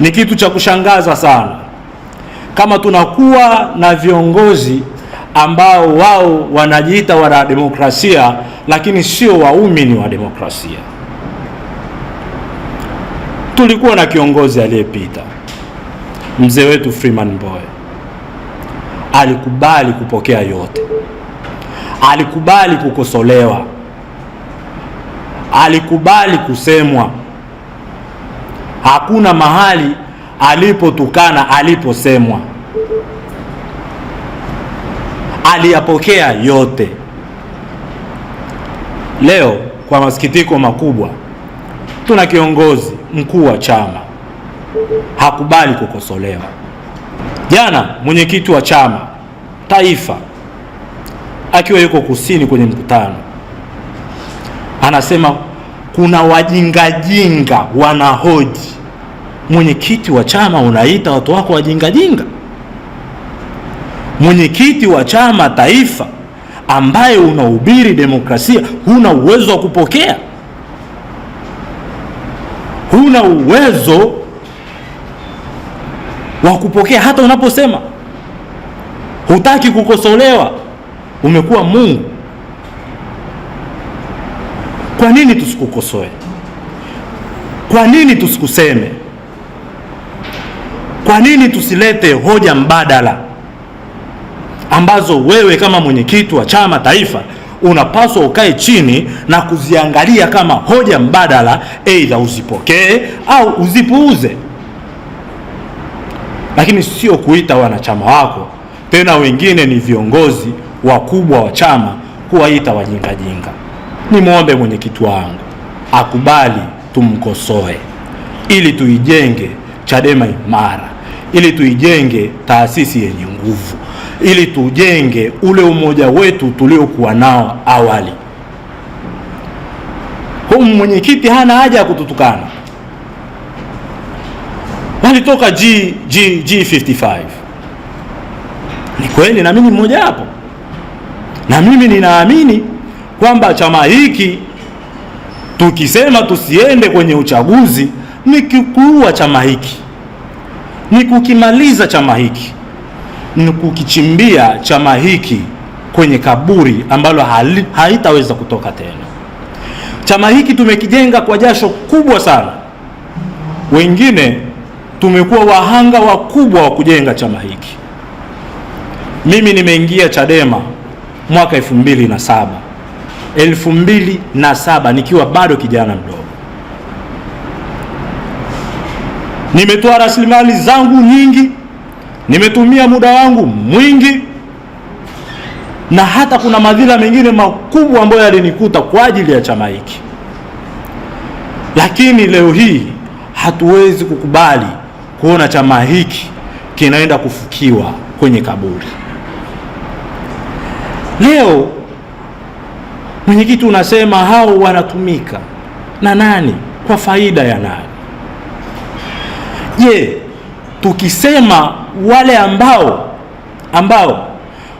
Ni kitu cha kushangaza sana kama tunakuwa na viongozi ambao wao wanajiita wana demokrasia lakini sio waumini wa demokrasia. Tulikuwa na kiongozi aliyepita, mzee wetu Freeman Mbowe, alikubali kupokea yote, alikubali kukosolewa, alikubali kusemwa hakuna mahali alipotukana, aliposemwa, aliyapokea yote. Leo kwa masikitiko makubwa, tuna kiongozi mkuu wa chama hakubali kukosolewa. Jana mwenyekiti wa chama taifa akiwa yuko kusini kwenye mkutano anasema kuna wajingajinga wanahoji. Mwenyekiti wa chama unaita watu wako wajingajinga? Mwenyekiti wa chama taifa ambaye unahubiri demokrasia, huna uwezo wa kupokea, huna uwezo wa kupokea hata unaposema hutaki kukosolewa, umekuwa Mungu. Kwa nini tusikukosoe? Kwa nini tusikuseme? Kwa nini tusilete hoja mbadala ambazo wewe kama mwenyekiti wa chama taifa unapaswa ukae chini na kuziangalia kama hoja mbadala, aidha uzipokee au uzipuuze, lakini sio kuita wanachama wako, tena wengine ni viongozi wakubwa wa chama, kuwaita wajingajinga nimwombe mwenyekiti wangu akubali tumkosoe, ili tuijenge Chadema imara, ili tuijenge taasisi yenye nguvu, ili tujenge ule umoja wetu tuliokuwa nao awali. Huu mwenyekiti hana haja ya kututukana. Walitoka G, G, G55 ni kweli, na mimi mmoja hapo, na mimi ninaamini kwamba chama hiki tukisema tusiende kwenye uchaguzi ni kukuua chama hiki, ni kukimaliza chama hiki, ni kukichimbia chama hiki kwenye kaburi ambalo haitaweza kutoka tena. Chama hiki tumekijenga kwa jasho kubwa sana, wengine tumekuwa wahanga wakubwa wa kujenga chama hiki. Mimi nimeingia Chadema mwaka elfu mbili na saba elfu mbili na saba nikiwa bado kijana mdogo. Nimetoa rasilimali zangu nyingi, nimetumia muda wangu mwingi, na hata kuna madhila mengine makubwa ambayo yalinikuta kwa ajili ya chama hiki, lakini leo hii hatuwezi kukubali kuona chama hiki kinaenda kufukiwa kwenye kaburi. Leo mwenyekiti, unasema hao wanatumika na nani? Kwa faida ya nani? Je, tukisema wale ambao ambao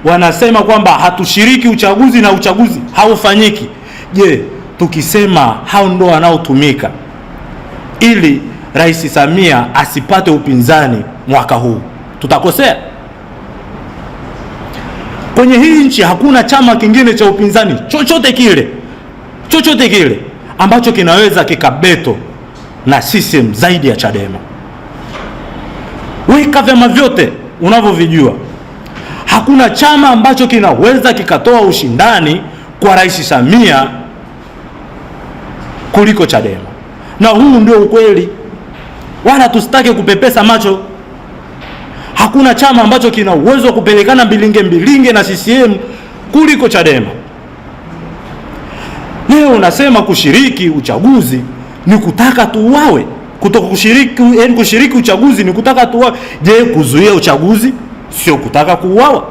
wanasema kwamba hatushiriki uchaguzi na uchaguzi haufanyiki, je, tukisema hao ndo wanaotumika ili Rais Samia asipate upinzani mwaka huu tutakosea? Kwenye hii nchi hakuna chama kingine cha upinzani chochote kile chochote kile ambacho kinaweza kikabeto na system zaidi ya Chadema. Weka vyama vyote unavyovijua, hakuna chama ambacho kinaweza kikatoa ushindani kwa Rais Samia kuliko Chadema, na huu ndio ukweli, wala tusitake kupepesa macho hakuna chama ambacho kina uwezo wa kupelekana mbilinge mbilinge na CCM kuliko Chadema. Leo unasema kushiriki uchaguzi ni kutaka tuuawe, kutoka kushiriki, yani kushiriki uchaguzi ni kutaka tuuawe. Je, kuzuia uchaguzi sio kutaka kuuawa?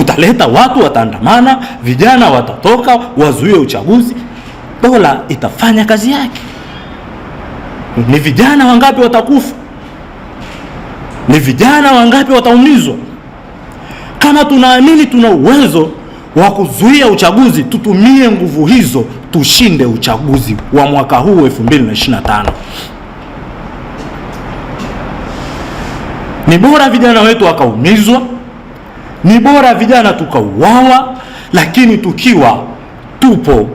Utaleta watu wataandamana, vijana watatoka, wazuie uchaguzi, dola itafanya kazi yake. Mhm. Ni vijana wangapi watakufa? Ni vijana wangapi wataumizwa? Kama tunaamini tuna uwezo wa kuzuia uchaguzi, tutumie nguvu hizo, tushinde uchaguzi wa mwaka huu 2025. Ni bora vijana wetu wakaumizwa, ni bora vijana tukauawa, lakini tukiwa tupo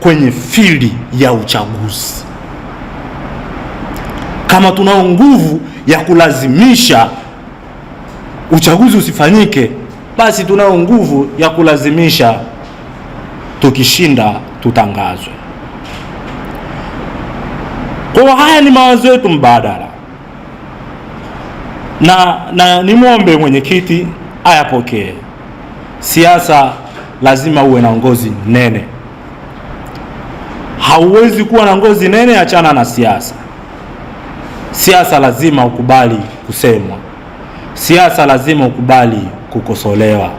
kwenye fili ya uchaguzi kama tunao nguvu ya kulazimisha uchaguzi usifanyike, basi tunao nguvu ya kulazimisha tukishinda tutangazwe. Kwa haya ni mawazo yetu mbadala, na, na nimwombe mwenyekiti ayapokee. Siasa lazima uwe na ngozi nene. Hauwezi kuwa na ngozi nene, achana na siasa. Siasa lazima ukubali kusemwa, siasa lazima ukubali kukosolewa,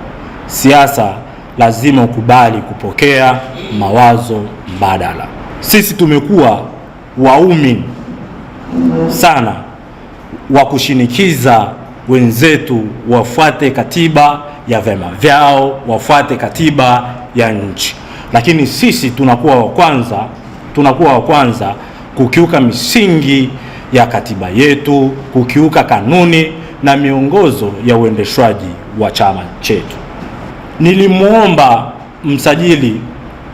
siasa lazima ukubali kupokea mawazo mbadala. Sisi tumekuwa waumini sana wa kushinikiza wenzetu wafuate katiba ya vyama vyao, wafuate katiba ya nchi, lakini sisi tunakuwa wa kwanza, tunakuwa wa kwanza kukiuka misingi ya katiba yetu, kukiuka kanuni na miongozo ya uendeshwaji wa chama chetu. Nilimwomba msajili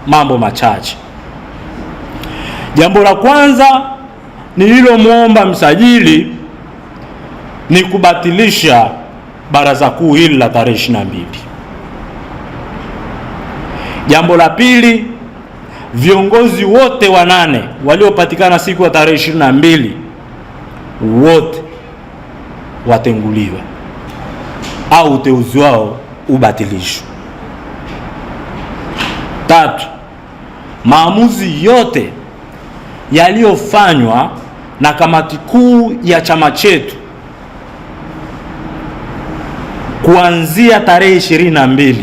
mambo machache. Jambo la kwanza nililomwomba msajili ni kubatilisha baraza kuu hili la tarehe 22. Jambo la pili, viongozi wote wanane waliopatikana siku ya tarehe 22 wote watenguliwe au uteuzi wao ubatilishwe. Tatu, maamuzi yote yaliyofanywa na kamati kuu ya chama chetu kuanzia tarehe 22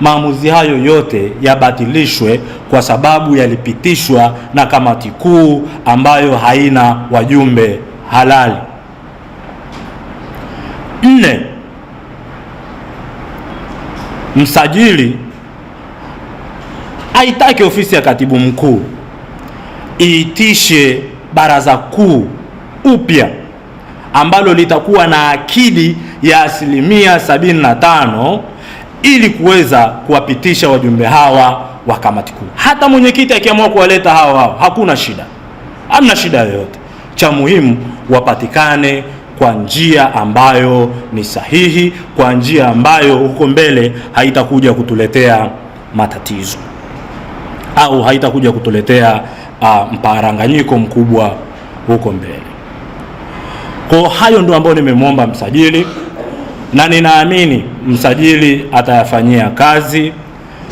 maamuzi hayo yote yabatilishwe kwa sababu yalipitishwa na kamati kuu ambayo haina wajumbe halali. Nne, msajili aitake ofisi ya katibu mkuu iitishe baraza kuu upya ambalo litakuwa na akidi ya asilimia 75 ili kuweza kuwapitisha wajumbe hawa wa kamati kuu. Hata mwenyekiti akiamua kuwaleta hawa hawa, hakuna shida, hamna shida yoyote. Cha muhimu wapatikane kwa njia ambayo ni sahihi, kwa njia ambayo huko mbele haitakuja kutuletea matatizo au haitakuja kutuletea uh, mparanganyiko mkubwa huko mbele. Kwa hayo ndio ambayo nimemwomba msajili na ninaamini msajili atayafanyia kazi.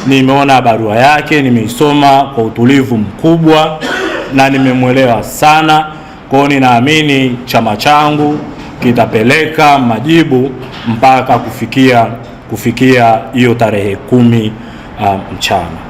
Nimeona barua yake, nimeisoma kwa utulivu mkubwa na nimemwelewa sana. Kwa hiyo ninaamini chama changu kitapeleka majibu mpaka kufikia kufikia hiyo tarehe kumi uh, mchana.